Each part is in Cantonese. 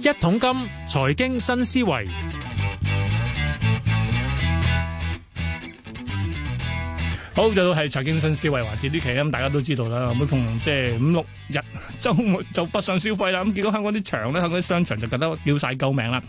一桶金，財經新思維。好，就到係財經新思維環節呢期咁大家都知道啦，每逢即係五六日周末就北上消費啦。咁見到香港啲場咧，香港啲商場就覺得要晒救命啦。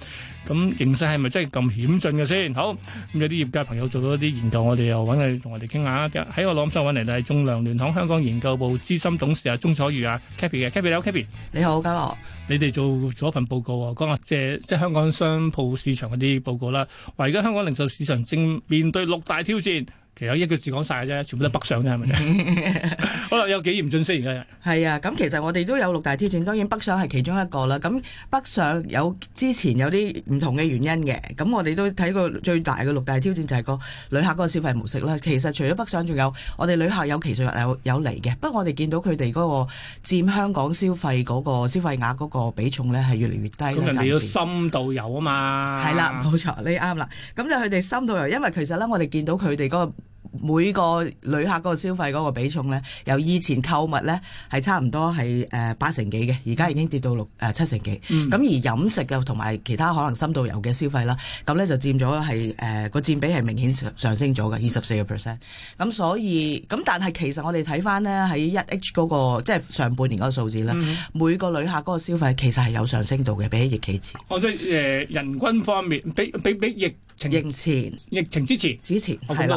咁形勢係咪真係咁險峻嘅先？好，咁有啲業界朋友做咗啲研究我，我哋又揾佢同我哋傾下。喺我攞上搵嚟就係仲量聯行香港研究部資深董事啊鐘楚如。啊 Kepi 嘅 Kepi 你好 Kepi 你好嘉樂，你哋做咗份報告，講啊即係即係香港商鋪市場嗰啲報告啦。而家香港零售市場正面對六大挑戰。其實有一句字講晒嘅啫，全部都北上啫，係 咪？ 好啦有幾嚴峻先。而家？係啊，咁其實我哋都有六大挑戰，當然北上係其中一個啦。咁北上有之前有啲唔同嘅原因嘅。咁我哋都睇過最大嘅六大挑戰就係個旅客個消費模式啦。其實除咗北上，仲有我哋旅客有其實有有嚟嘅。不過我哋見到佢哋嗰個佔香港消費嗰個消費額嗰個比重咧係越嚟越低。咁人哋要深度遊啊嘛？係啦，冇、啊、錯，你啱啦。咁就佢哋深度遊，因為其實咧，我哋見到佢哋嗰個。每個旅客嗰個消費嗰個比重咧，由以前購物咧係差唔多係呃、八成幾嘅，而家已經跌到六、呃、七成幾。咁、嗯、而飲食又同埋其他可能深度遊嘅消費啦，咁咧就佔咗係誒個佔比係明顯上升咗嘅，二十四個 percent。咁所以咁，但係其實我哋睇翻咧喺一 H 嗰個即係、就是、上半年嗰個數字啦、嗯、每個旅客嗰個消費其實係有上升度嘅，比起疫期前。我即、呃、人均方面，比比比疫。疫情前，疫情之前，之前，係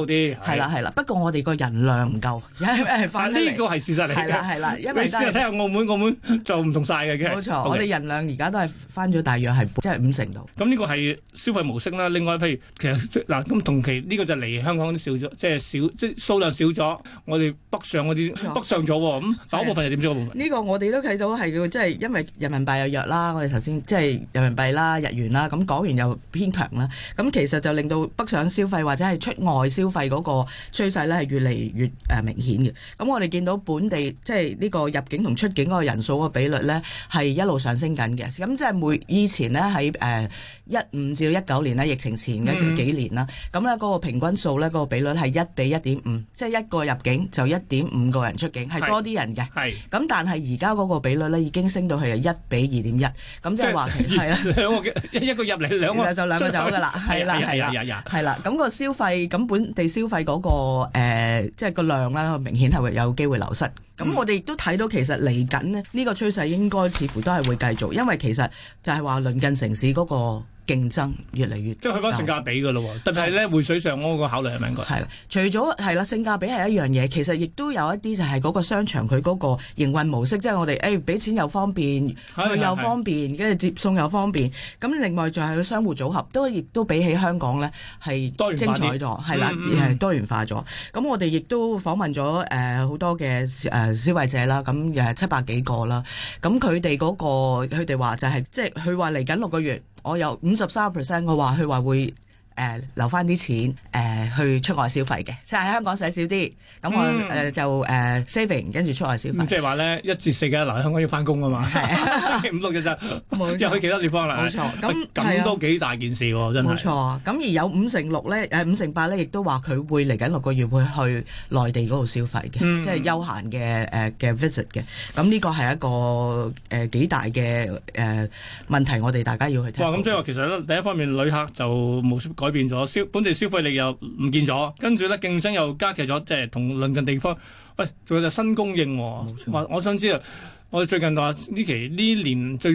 啦係啦，不過我哋個人量唔夠，呢個係事實嚟嘅。係啦係啦，因為你試下睇下澳門、澳門就唔同曬嘅嘅。冇錯，我哋人量而家都係翻咗，大約係即係五成度。咁呢個係消費模式啦。另外，譬如其實嗱，咁同期呢個就嚟香港少咗，即係少即係數量少咗。我哋北上嗰啲北上咗喎。咁嗰部分係點做？嗰部分？呢個我哋都睇到係即係因為人民幣又弱啦。我哋頭先即係人民幣啦、日元啦，咁港元又偏強啦。咁其實.就，就令到北上消費或者係出外消費嗰個趨勢咧係越嚟越誒明顯嘅。咁我哋見到本地即係呢個入境同出境嗰個人數個比率咧係一路上升緊嘅。咁即係每以前咧喺誒一五至到一九年咧疫情前嘅幾年啦，咁咧嗰個平均數咧嗰個比率係一比一點五，即係一個入境就一點五個人出境，係多啲人嘅。係咁，但係而家嗰個比率咧已經升到去一比二點一，咁即係話係啦，兩個 一個入嚟兩,兩個就兩個走㗎啦，係啦。係啦、啊，係啦、啊，咁、啊啊啊那個消費，咁本地消費嗰、那個誒，即、呃、係、就是、個量啦明顯係會有機會流失。咁我哋亦都睇到，其實嚟緊咧呢個趨勢應該似乎都係會繼續，因為其實就係話鄰近城市嗰、那個。競爭越嚟越，即係佢講性價比㗎咯喎，特別係咧匯水上嗰個考慮係咪應該？係，除咗係啦，性價比係一樣嘢，其實亦都有一啲就係嗰個商場佢嗰個營運模式，即係我哋誒俾錢又方便，佢又方便，跟住接送又方便，咁另外就係個商戶組合都亦都比起香港咧係多元咗，係啦，亦係多元化咗。咁、嗯嗯、我哋亦都訪問咗誒好多嘅、呃、消費者啦，咁、嗯、誒七百幾個啦，咁佢哋嗰個佢哋話就係即係佢話嚟緊六個月。我有五十三 percent 嘅話，佢話會。誒、呃、留翻啲錢、呃、去出外消費嘅，即係香港使少啲，咁我就，嗯呃就呃、saving 跟住出外消費。即係話咧一至四嘅留，香港要翻工啊嘛，三、啊、 五六七，冇，又去其他地方啦。冇錯，咁咁都幾大件事喎、啊，真係。冇錯，咁而有五成六咧、呃，五成八咧，亦都話佢會嚟緊六個月會去內地嗰度消費嘅、嗯，即係休閒嘅嘅、呃、visit 嘅。咁呢個係一個誒幾、呃、大嘅誒、呃、問題，我哋大家要去聽。哇，咁即係話其實呢第一方面旅客就冇改。.變咗消本地消費力又唔見咗，跟住咧競爭又加劇咗，即係同鄰近地方。喂、哎，仲有就新供應。哦，冇錯，我想知道我最近話呢期呢年最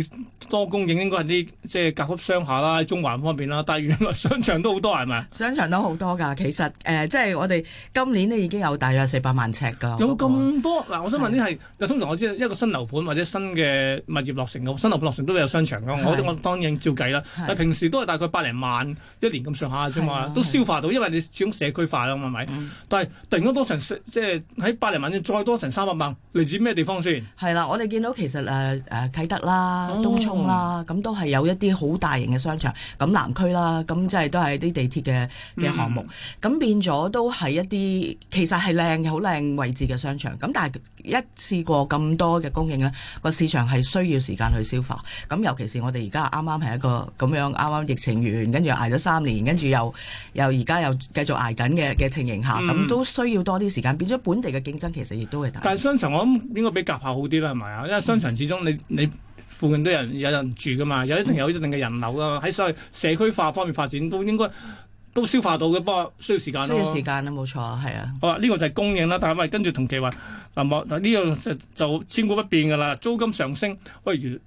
多供應應該係啲即係甲級商廈啦，中環方面啦，但係原來商場都好多係咪？商場都好多㗎，其實誒、呃，即係我哋今年咧已經有大約四百萬尺㗎。有咁多嗱，那個，我想問啲係，通常我知道一個新樓盤或者新嘅物業落成新樓盤落成都會有商場㗎。我我當然照計啦，但平時都係大概百零萬一年咁上下啫嘛，都消化到，啊，因為你始終社區化啦，係、嗯、咪？但係突然多成即係喺百零萬再多成三百萬，嚟自咩地方先？係啦，啊，我哋。見到其實誒誒、啊、啟德啦、哦、東涌啦，咁都係有一啲好大型嘅商場。咁南區啦，咁即係都係啲地鐵嘅嘅項目。咁、嗯、變咗都係一啲其實係靚嘅好靚位置嘅商場。咁但係一次過咁多嘅供應咧，個市場係需要時間去消化。咁尤其是我哋而家啱啱係一個咁樣啱啱疫情完，跟住挨咗三年，跟住又又而家又繼續挨緊嘅嘅情形下，咁、嗯、都需要多啲時間。變咗本地嘅競爭其實亦都係大。但係商場，我諗應該比甲廈好啲啦，係咪啊？因為商場始終你你附近都有人住噶嘛，有一定有一定嘅人流啊。喺所謂社區化方面發展都應該都消化到嘅，不過需要時間需要時間啊，冇錯，係啊。好啊，呢個就係供應啦。但係咪跟住同期話嗱冇？呢樣就就千古不變噶啦，租金上升。我以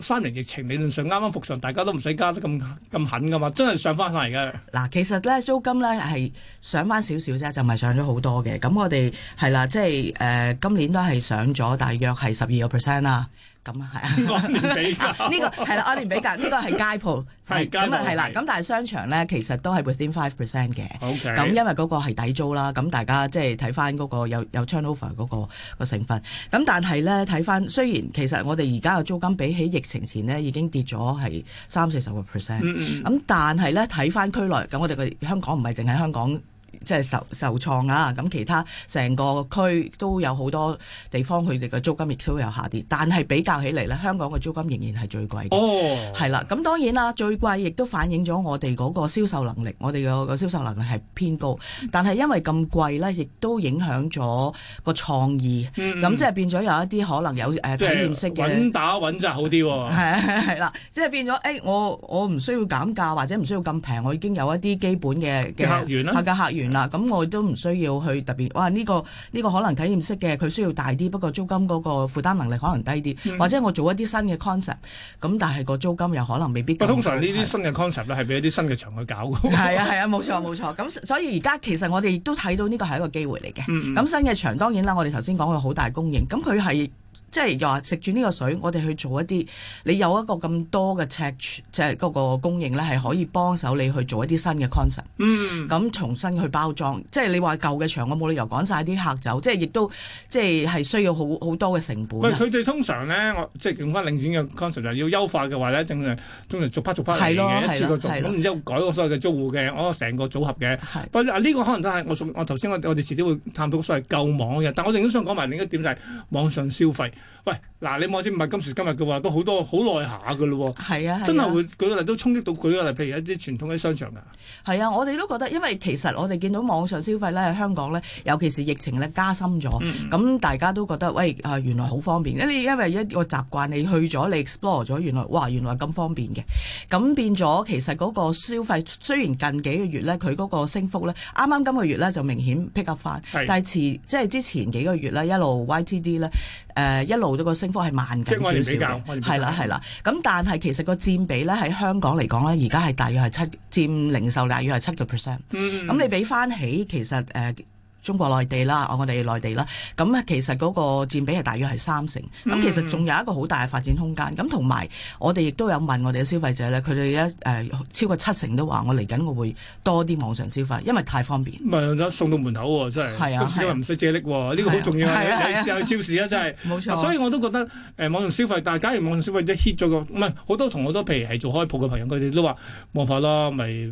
三年疫情理論上啱啱復常，大家都唔使加得咁咁狠噶嘛，真係上翻嚟嘅。嗱，其實咧租金咧係上翻少少啫，就唔係上咗好多嘅。咁我哋係啦，即係誒、呃、今年都係上咗大約係十二個 percent 啦。咁 啊比較，係 啊、呢個，呢個係啦，我 連比較呢、呢個係街鋪，係咁啊，係啦，咁但係商場咧，其實都係 within five percent 嘅。O K. 咁因為嗰個係底租啦，咁大家即係睇翻嗰個有有 turnover 嗰、嗰個嗰個成分。咁但係咧睇翻，雖然其實我哋而家嘅租金比起疫情前咧已經跌咗係三四十個 percent。咁、 嗯嗯、但係咧睇翻區內，咁我哋嘅香港唔係淨係香港。即係受受創啊！咁其他成個區都有好多地方，佢哋嘅租金亦都有下跌。但係比較起嚟咧，香港嘅租金仍然係最貴嘅。哦、oh.，係啦。咁當然啦，最貴亦都反映咗我哋嗰個銷售能力，我哋個銷售能力係偏高。但係因為咁貴咧，亦都影響咗個創意。咁、mm -hmm. 即係變咗有一啲可能有誒體驗式嘅。穩、嗯就是、打穩紮好啲喎。係係啦，即係變咗誒、哎，我我唔需要減價或者唔需要咁平，我已經有一啲基本嘅嘅客源啦。客價客源。嗱，咁我都唔需要去特別，哇！呢、這個呢、這個可能體驗式嘅，佢需要大啲，不過租金嗰個負擔能力可能低啲、嗯，或者我做一啲新嘅 concept，咁但係個租金又可能未必。通常呢啲新嘅 concept 咧，係俾一啲新嘅場去搞。係啊係啊，冇錯冇錯。咁所以而家其實我哋都睇到呢個係一個機會嚟嘅。咁、嗯、新嘅場當然啦，我哋頭先講佢好大供應，咁佢係。即係又話食住呢個水，我哋去做一啲，你有一個咁多嘅尺，即係嗰個供應咧，係可以幫手你去做一啲新嘅 concept。嗯。咁重新去包裝，即係你話舊嘅場，我冇理由趕晒啲客走，即係亦都即係係需要好好多嘅成本。佢哋通常咧，我即係用翻領展嘅 concept 就要優化嘅話咧，正係逐批逐批嚟嘅，一次過做。咁然之後改嗰個所謂嘅租戶嘅，我成個組合嘅。不過，呢個可能都係我我頭先我哋遲啲會探討嗰個所謂舊網嘅。但我哋都想講埋另一,一點就係網上消費。喂，嗱你望住唔係今時今日嘅話，都好多好耐下嘅咯，係啊，真係會舉個例，都衝擊到舉個例，譬如一啲傳統嘅商場啊，係啊，我哋都覺得，因為其實我哋見到網上消費咧，香港咧，尤其是疫情咧加深咗，咁、嗯、大家都覺得，喂，啊原來好方便，你因為一個習慣，你去咗你 explore 咗，原來哇原來咁方便嘅，咁變咗其實嗰個消費雖然近幾個月咧，佢嗰個升幅咧，啱啱今個月咧就明顯 pick up 翻，但係遲即係之前幾個月咧一路 YTD 咧。誒、呃、一路都個升幅係慢緊少少，係啦係啦，咁但係其實個佔比咧喺香港嚟講咧，而家係大約係七佔零售大約係七個 percent，咁你畀翻起其實誒。呃中國內地啦，我哋內地啦，咁啊其實嗰個佔比係大約係三成，咁其實仲有一個好大嘅發展空間。咁同埋我哋亦都有問我哋嘅消費者咧，佢哋一超過七成都話，我嚟緊我會多啲網上消費，因為太方便。唔係，送到門口喎、啊，真係。係啊，而唔使借力喎、啊，呢、啊呢個好重要啊，啊，啊！你試下去超市啊，真係。冇 錯。所以我都覺得誒網上消費，但係假如網上消費即 hit 咗個，唔係好多同好多譬如係做開鋪嘅朋友，佢哋都話冇法啦，咪。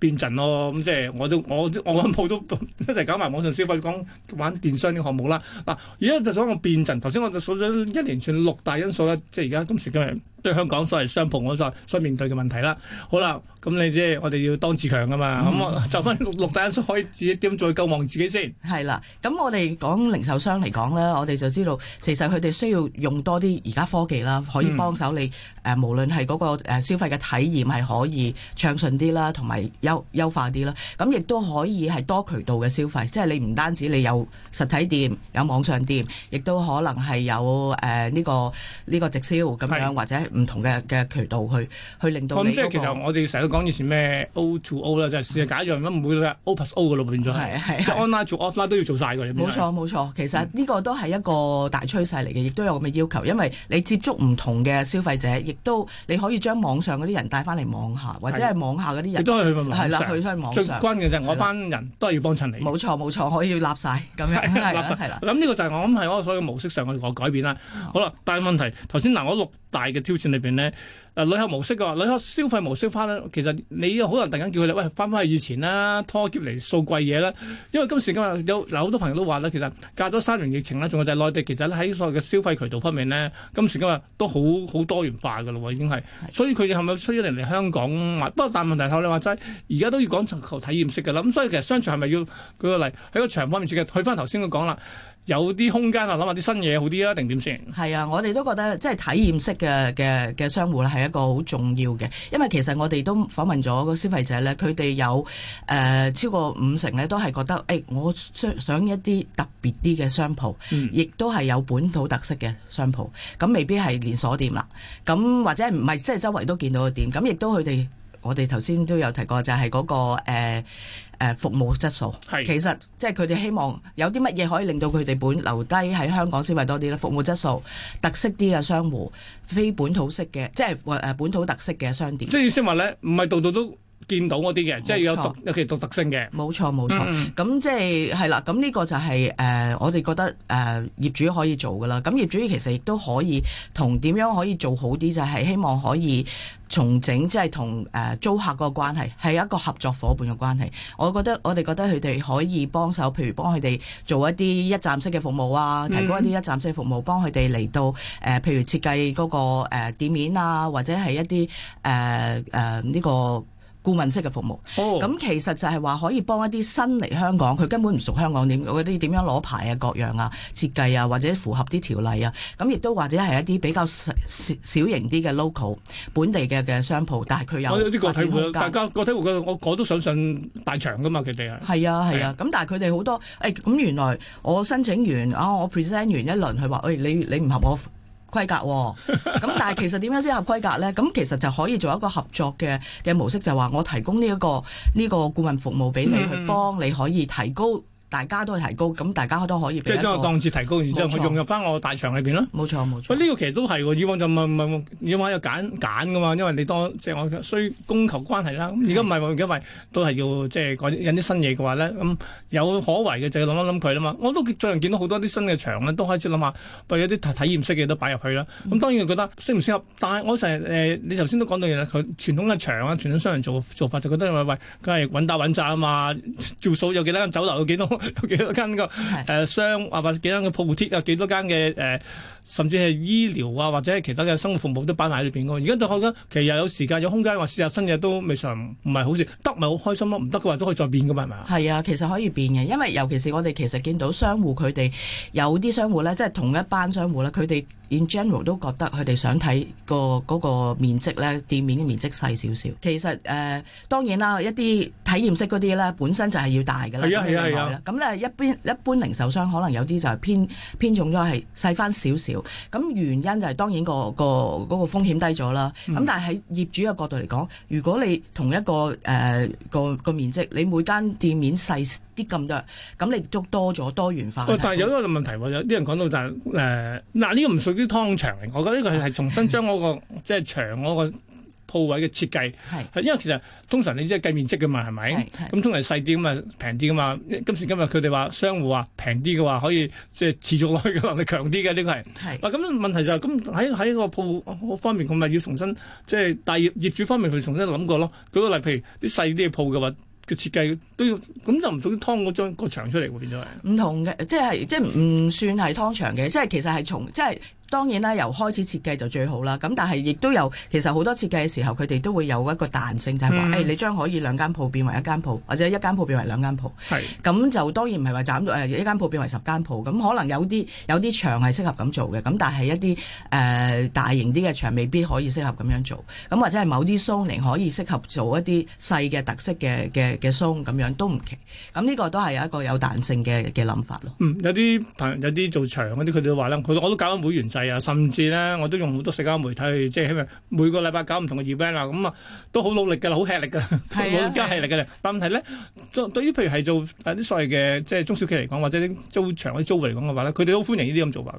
變陣咯，咁即係我都我我啱好都一齊搞埋網上消費，講玩電商嘅項目啦。嗱，而家就想我變陣。頭先我就數咗一連串六大因素啦，即係而家今時今日。對香港所有商鋪，我再所面對嘅問題啦。好啦，咁你即係我哋要當自強噶嘛。咁、嗯、我就返六六單，可以自己點再救亡自己先。係啦，咁我哋講零售商嚟講咧，我哋就知道其實佢哋需要用多啲而家科技啦，可以幫手你誒、嗯呃，無論係嗰個消費嘅體驗係可以暢順啲啦，同埋優優化啲啦。咁亦都可以係多渠道嘅消費，即係你唔單止你有實體店、有網上店，亦都可能係有誒呢、呃呢個呢、呢個直銷咁樣或者，是唔同嘅嘅渠道去去令到你咁、嗰個嗯、即係其實我哋成日講以前咩 O to O 啦、嗯，就係試下假一讓咁，唔會咧 O plus O 嘅咯變咗，即係 online 做 offline 都要做曬嘅。冇錯冇錯，其實呢個都係一個大趨勢嚟嘅，亦都有咁嘅要求，因為你接觸唔同嘅消費者，亦都你可以將網上嗰啲人帶翻嚟網下，或者係網下嗰啲，亦都係去網上，係啦去翻網上。最關鍵嘅就係我班人都係要幫襯你。冇錯冇錯，可以要納晒。咁樣，納曬係啦。咁呢個就係、係、我諗係我所有嘅模式上嘅改變啦。好啦、嗯，但係問題頭先嗱，我六大嘅挑戰先裏邊咧，誒、呃、旅客模式，個旅客消費模式翻，其實你好難突然間叫佢哋喂，翻翻去以前啦，拖劫嚟掃貴嘢啦。因為今時今日有好多朋友都話咧，其實隔咗三年疫情啦，仲有就係內地，其實咧喺所謂嘅消費渠道方面咧，今時今日都好好多元化噶咯，已經係。所以佢哋係咪需要嚟香港買？不過但問題後說，我你話齋，而家都要講求體驗式嘅啦。咁所以其實商場係咪要？舉個例喺個場方面去計。翻頭先佢講啦。有啲空間啊，諗下啲新嘢好啲啊，定點先？係啊，我哋都覺得即係體驗式嘅嘅嘅商戶咧，係一個好重要嘅，因為其實我哋都訪問咗個消費者咧，佢哋有誒、呃、超過五成咧，都係覺得誒、欸，我想想一啲特別啲嘅商鋪，亦、嗯、都係有本土特色嘅商鋪，咁未必係連鎖店啦，咁或者唔係即係周圍都見到嘅店，咁亦都佢哋我哋頭先都有提過，就係、係、嗰、嗰個、呃誒、服務質素，係其實即係佢哋希望有啲乜嘢可以令到佢哋本留低喺香港消費多啲咧？服務質素，特色啲嘅商戶，非本土式嘅，即係誒、呃、本土特色嘅商店。即係意思話咧，唔係度度都。見到嗰啲嘅，即係有獨有其獨特性嘅。冇錯冇錯，咁、嗯、即係係啦，咁呢個就係、是、誒、呃、我哋覺得誒、呃、業主可以做噶啦。咁業主其實亦都可以同點樣可以做好啲，就係、是、希望可以重整，即係同誒租客個關係係一個合作伙伴嘅關係。我覺得我哋覺得佢哋可以幫手，譬如幫佢哋做一啲一站式嘅服務啊，嗯、提供一啲一站式服務，幫佢哋嚟到、呃、譬如設計嗰個、呃、店面啊，或者係一啲誒誒呢個。顧問式嘅服務，咁、oh. 其實就係話可以幫一啲新嚟香港，佢根本唔熟香港點嗰啲點樣攞牌啊，各樣啊，設計啊，或者符合啲條例啊，咁亦都或者係一啲比較小型啲嘅 local 本地嘅嘅商鋪，但係佢有啲個體戶。大家個體戶嘅，我我都想上大場噶嘛，佢哋係呀，啊係啊，咁、啊啊、但係佢哋好多誒咁、哎、原來我申請完啊、哦，我 present 完一輪，佢話誒你你唔合我。格 咁但係其實點樣先合規格呢？咁其實就可以做一個合作嘅嘅模式，就係話我提供呢一個呢個顧問服務俾你去幫，你可以提高。大家都係提高，咁大家都可以個即係將個檔次提高完之後，佢融入翻我大場裏邊咯。冇錯冇錯。咁呢、這個其實都係喎，以往就唔係唔係，以往有揀揀噶嘛，因為你當即係我需供求關係啦。咁而家唔係話，而家咪都係要即係引啲新嘢嘅話咧，咁有可為嘅就諗一諗佢啦嘛。我都最近見到好多啲新嘅場咧，都開始諗下，或者啲體體驗式嘅都擺入去啦。咁、嗯嗯、當然覺得適唔適合，但係我成日誒，你頭先都講到嘢啦，佢傳統嘅場啊，傳統商人做做法就覺得喂喂，梗係穩打穩紮啊嘛，做數有幾多間酒樓有幾多。 有 幾多間個誒商啊？或者幾多個鋪貼啊？幾、呃、多間嘅誒？呃甚至係醫療啊，或者係其他嘅生活服務都擺埋喺裏邊嘅。而家我就覺得其實有時間、有空間，話試下新嘢都未嘗唔係好事。得咪好開心咯、啊，唔得嘅話都可以再變噶嘛，係咪啊？係啊，其實可以變嘅，因為尤其是我哋其實見到商戶佢哋有啲商戶咧，即係同一班商戶咧，佢哋 in general 都覺得佢哋想睇個嗰個面積咧，店面嘅面積細少少。其實誒、呃、當然啦，一啲體驗式嗰啲咧，本身就係要大嘅啦，係啊係啊。啊。咁咧、啊，一般一般零售商可能有啲就係偏偏重咗係細返少少。咁原因就係當然個個嗰個風險低咗啦。咁、嗯、但係喺業主嘅角度嚟講，如果你同一個誒、呃、個,個面積，你每間店面細啲咁多，咁你都多咗多元化、哦。但係有一個問題我有啲人講到就係、是：嗱、呃、呢、啊呢個唔屬於劏場嚟，我覺得呢個係重新將嗰個即係牆嗰個。嗯鋪位嘅設計係，因為其實通常你即係計面積嘅嘛，係咪？咁通常細啲咁啊，平啲嘅嘛。便宜一點嘛今時今日佢哋話,、就是、話，商戶話平啲嘅話，可以即係持續落去嘅能力強啲嘅，呢個係。嗱、嗯、咁、嗯、問題就係咁喺喺個鋪方面，佢咪要重新即係、就是、大業業主方面，佢重新諗過咯。舉個例，譬如啲細啲嘅鋪嘅話，嘅設計都要咁就唔屬於劏嗰張個牆出嚟會，變咗係。唔同嘅，即係即係唔算係劏牆嘅，即、就、係、是、其實係從即係。就是當然啦，由開始設計就最好啦。咁但係亦都有，其實好多設計嘅時候，佢哋都會有一個彈性，就係、是、話，誒、嗯哎，你將可以兩間鋪變為一間鋪，或者一間鋪變為兩間鋪。係。咁就當然唔係話斬到、呃、一間鋪變為十間鋪。咁可能有啲有啲場係適合咁做嘅。咁但係一啲誒、呃、大型啲嘅場未必可以適合咁樣做。咁或者係某啲商舖可以適合做一啲細嘅特色嘅嘅嘅咁樣都唔奇。咁呢個都係有一個有彈性嘅嘅諗法咯、嗯。有啲朋有啲做場嗰啲，佢哋話我都搞緊會員.係啊，甚至咧，我都用好多社交媒體去，即係每個禮拜搞唔同嘅 event 啊，咁啊都好努力嘅啦，好吃力嘅，我真係嚟嘅。但問題咧，對於譬如係做啲所謂嘅即係中小企嚟講，或者啲租場嗰啲租戶嚟講嘅話咧，佢哋都歡迎呢啲咁做法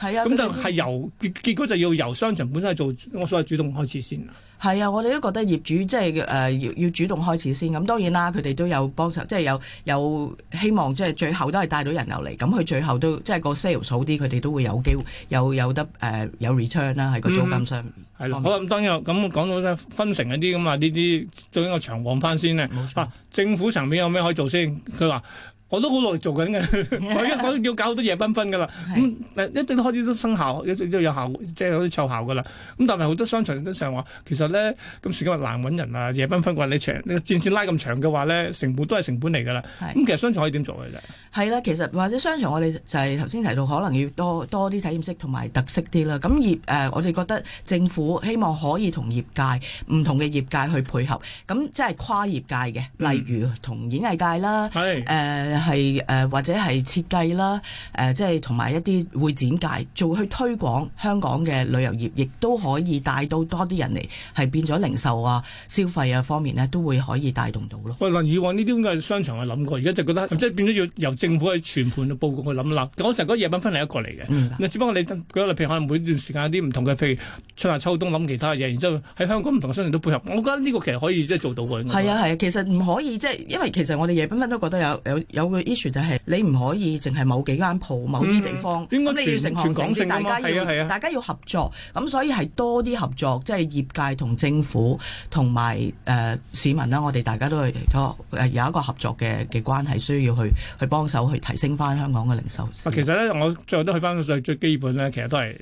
嘅。係啊，咁就係由結結果就要由商場本身係做我所謂主動開始先。係啊，我哋都覺得業主即係要、呃、要主動開始先咁，當然啦，佢哋都有幫手，即係有有希望，即係最後都係帶到人流嚟。咁佢最後都即係個 sales 好啲，佢哋都會有機會有有得誒、呃、有 return 啦，喺個租金上面。係、嗯、好咁當然咁講到分成一啲咁啊，呢啲再一個長望翻先咧。冇錯，政府層面有咩可以做先？佢話。我都好努力做緊嘅， 我一講要搞好多夜繽紛噶啦，咁、嗯、一定都開始都生效，一,一有效，即、就、係、是、有啲奏效噶啦。咁、就是、但係好多商場都成日話，其實咧今時今日難揾人啊，夜繽紛嘅話，你長你個戰線拉咁長嘅話咧，成本都係成本嚟噶啦。咁、嗯、其實商場可以點做嘅啫？係啦、啊，其實或者商場我哋就係頭先提到，可能要多多啲體驗式同埋特色啲啦。咁業、呃、我哋覺得政府希望可以同業界唔同嘅業界去配合，咁即係跨業界嘅，例如同演藝界啦，嗯呃係誒、呃、或者係設計啦誒，即係同埋一啲會展界做去推廣香港嘅旅遊業，亦都可以帶到多啲人嚟，係變咗零售啊、消費啊方面咧，都會可以帶動到咯。喂，嗱、呃、以往呢啲咁嘅商場去諗過，而家就覺得、嗯、即係變咗要由政府去全盤去報告去諗啦。我成日覺得夜繽紛係一個嚟嘅、嗯，只不過你舉咗譬如可能每段時間有啲唔同嘅，譬如春夏秋冬諗其他嘢，然之後喺香港唔同商場都配合，我覺得呢個其實可以即係做到嘅。係啊係啊，其實唔可以即係，因為其實我哋夜繽紛都覺得有有有。有呢個 issue 就係你唔可以淨係某幾間鋪、某啲地方，咁、嗯、你要全港性，大家要、啊啊、大家要合作，咁所以係多啲合作，即、就、係、是、業界同政府同埋誒市民啦。我哋大家都係多誒有一個合作嘅嘅關係，需要去去幫手去提升翻香港嘅零售。其實咧，我最後都去翻最最基本咧，其實都係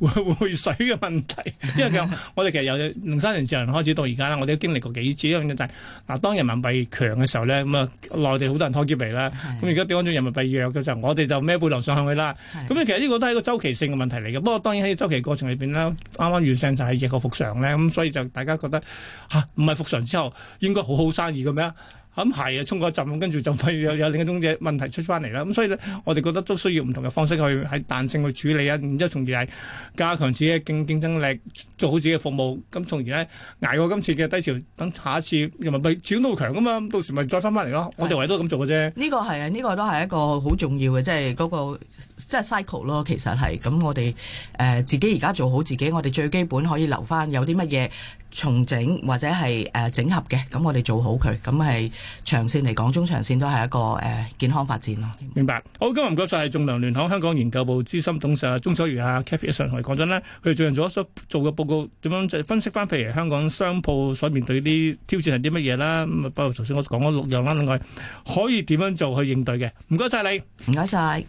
匯水嘅問題，因為其 我哋其實由零三年之前開始到而家啦，我哋都經歷過幾次一樣嘅就係嗱，當人民幣強嘅時候咧，咁啊內地好多人拖喼嚟啦。咁而家掉咗轉人民幣弱嘅時候，我哋就孭背流上去啦。咁其實呢個都係個周期性嘅問題嚟嘅。不過當然喺周期過程裏面咧，啱啱遇上就係亦個復常咧，咁所以就大家覺得吓唔係復常之後應該好好生意嘅咩？咁、嗯、係啊，衝過一陣跟住就會有，有另一種嘅問題出翻嚟啦。咁所以呢，我哋覺得都需要唔同嘅方式去喺彈性去處理啊。然之後，從而係加強自己嘅競，競爭力，做好自己嘅服務。咁從而呢，捱過今次嘅低潮，等下一次人民幣始終都強㗎嘛。咁到時咪再翻翻嚟咯。我哋唯都咁做嘅啫。呢、這個係啊，呢、這個都係一個好重要嘅，即係嗰、那個即係 cycle 咯。其實係咁，我哋誒、呃、自己而家做好自己，我哋最基本可以留翻有啲乜嘢重整或者係、呃、整合嘅。咁我哋做好佢，咁長線嚟講，中長線都係一個誒、呃、健康發展咯。明白，好，今日唔該晒，仲量聯行香港研究部資深董事鍾楚如啊 Cathy 以上同你講真咧，佢最近做咗做個報告，點樣就分析翻，譬如，香港商鋪所面對啲挑戰係啲乜嘢啦。包括頭先我講嗰六樣啦，另外可以點樣做去應對嘅？唔該晒你，唔該晒。